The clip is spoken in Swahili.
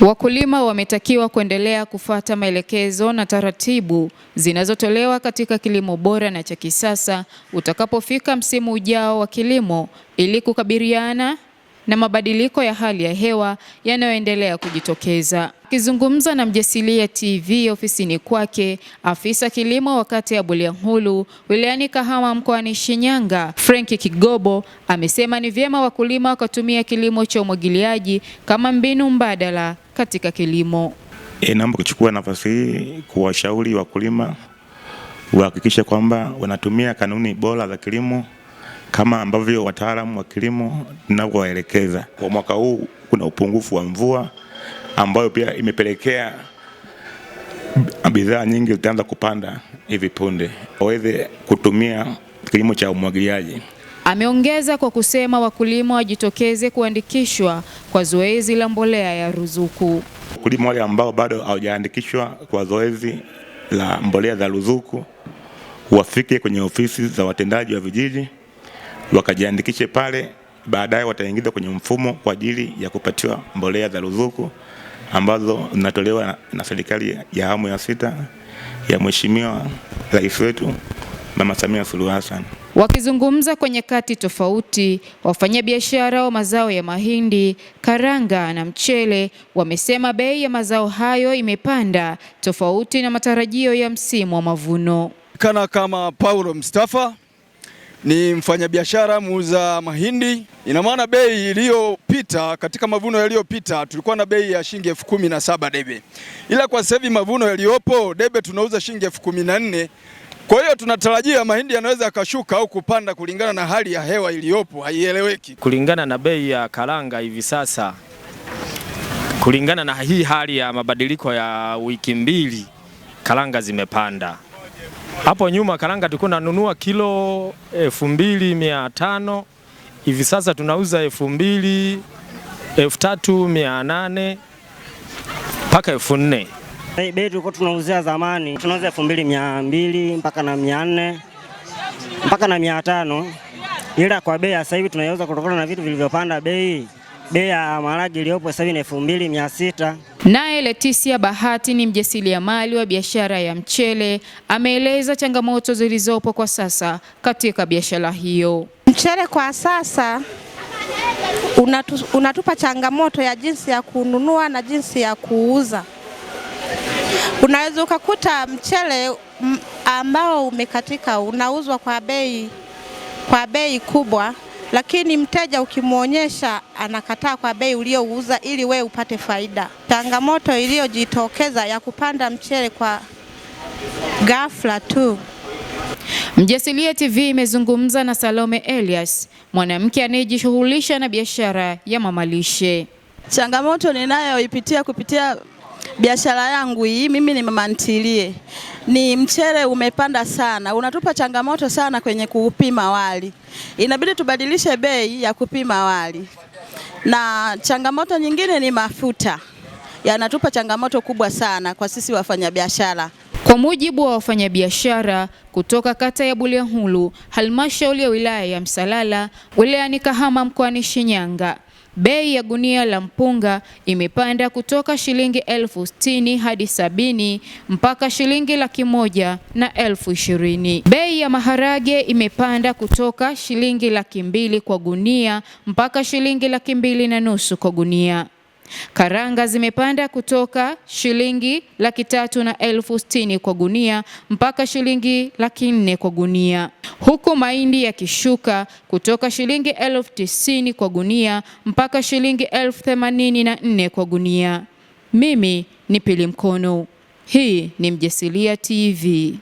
Wakulima wametakiwa kuendelea kufuata maelekezo na taratibu zinazotolewa katika kilimo bora na cha kisasa utakapofika msimu ujao wa kilimo ili kukabiliana na mabadiliko ya hali ya hewa yanayoendelea kujitokeza. Akizungumza na Mjasilia TV ofisini kwake, afisa kilimo wa kata ya Bulyanhulu wilayani Kahama mkoani Shinyanga, Frenki Kigobo amesema ni vyema wakulima wakatumia kilimo cha umwagiliaji kama mbinu mbadala katika kilimo. E, naomba kuchukua nafasi hii kuwashauri wakulima wahakikishe kwamba wanatumia kanuni bora za kilimo kama ambavyo wataalamu wa kilimo tunavyowaelekeza. Kwa mwaka huu kuna upungufu wa mvua ambayo pia imepelekea bidhaa nyingi zitaanza kupanda hivi punde, waweze kutumia kilimo cha umwagiliaji. Ameongeza kwa kusema wakulima wajitokeze kuandikishwa kwa zoezi la mbolea ya ruzuku. Wakulima wale ambao bado hawajaandikishwa kwa zoezi la mbolea za ruzuku wafike kwenye ofisi za watendaji wa vijiji wakajiandikishe pale, baadaye wataingizwa kwenye mfumo kwa ajili ya kupatiwa mbolea za ruzuku ambazo zinatolewa na serikali ya awamu ya sita ya Mheshimiwa Rais wetu Mama Samia Suluhu Hassan. Wakizungumza kwenye kati tofauti, wafanyabiashara wa mazao ya mahindi, karanga na mchele wamesema bei ya mazao hayo imepanda tofauti na matarajio ya msimu wa mavuno. Kana kama Paulo Mustafa ni mfanyabiashara muuza mahindi. Ina maana bei iliyopita katika mavuno yaliyopita tulikuwa na bei ya shilingi elfu kumi na saba debe, ila kwa sasa hivi mavuno yaliyopo debe tunauza shilingi elfu kumi na nne kwa hiyo tunatarajia mahindi yanaweza yakashuka au kupanda kulingana na hali ya hewa iliyopo, haieleweki. Kulingana na bei ya karanga hivi sasa, kulingana na hii hali ya mabadiliko ya wiki mbili, karanga zimepanda. Hapo nyuma karanga tulikuwa tunanunua kilo elfu mbili mia tano hivi sasa tunauza elfu mbili elfu tatu mia nane mpaka elfu nne. Hey, bei tulikuwa tunauzia zamani tunauza elfu mbili mia mbili mpaka na mia nne mpaka na mia tano ila kwa bei sasa hivi tunaiuza kutokana na vitu vilivyopanda bei bei ya maharage iliyopo sasa hivi ni elfu mbili mia sita. Naye Leticia Bahati ni mjasiriamali wa biashara ya mchele, ameeleza changamoto zilizopo kwa sasa katika biashara hiyo. Mchele kwa sasa unatu, unatupa changamoto ya jinsi ya kununua na jinsi ya kuuza. Unaweza ukakuta mchele ambao umekatika unauzwa kwa bei kwa bei kubwa, lakini mteja ukimwonyesha anakataa kwa bei uliouza ili we upate faida. Changamoto iliyojitokeza ya kupanda mchele kwa ghafla tu. Mjasilia TV imezungumza na Salome Elias, mwanamke anayejishughulisha na biashara ya mamalishe. Changamoto ninayoipitia kupitia biashara yangu hii mimi ni mama ntilie, ni mchele umepanda sana, unatupa changamoto sana kwenye kupima wali, inabidi tubadilishe bei ya kupima wali, na changamoto nyingine ni mafuta yanatupa changamoto kubwa sana kwa sisi wafanyabiashara. Kwa mujibu wa wafanyabiashara kutoka kata ya Bulyanhulu, halmashauri ya wilaya ya Msalala, wilayani Kahama, mkoani Shinyanga Bei ya gunia la mpunga imepanda kutoka shilingi elfu sitini hadi sabini mpaka shilingi laki moja na elfu ishirini. Bei ya maharage imepanda kutoka shilingi laki mbili kwa gunia mpaka shilingi laki mbili na nusu kwa gunia. Karanga zimepanda kutoka shilingi laki tatu na elfu sitini kwa gunia mpaka shilingi laki nne kwa gunia, huku mahindi yakishuka kutoka shilingi elfu tisini kwa gunia mpaka shilingi elfu themanini na nne kwa gunia. Mimi ni Pili Mkono, hii ni Mjasilia TV.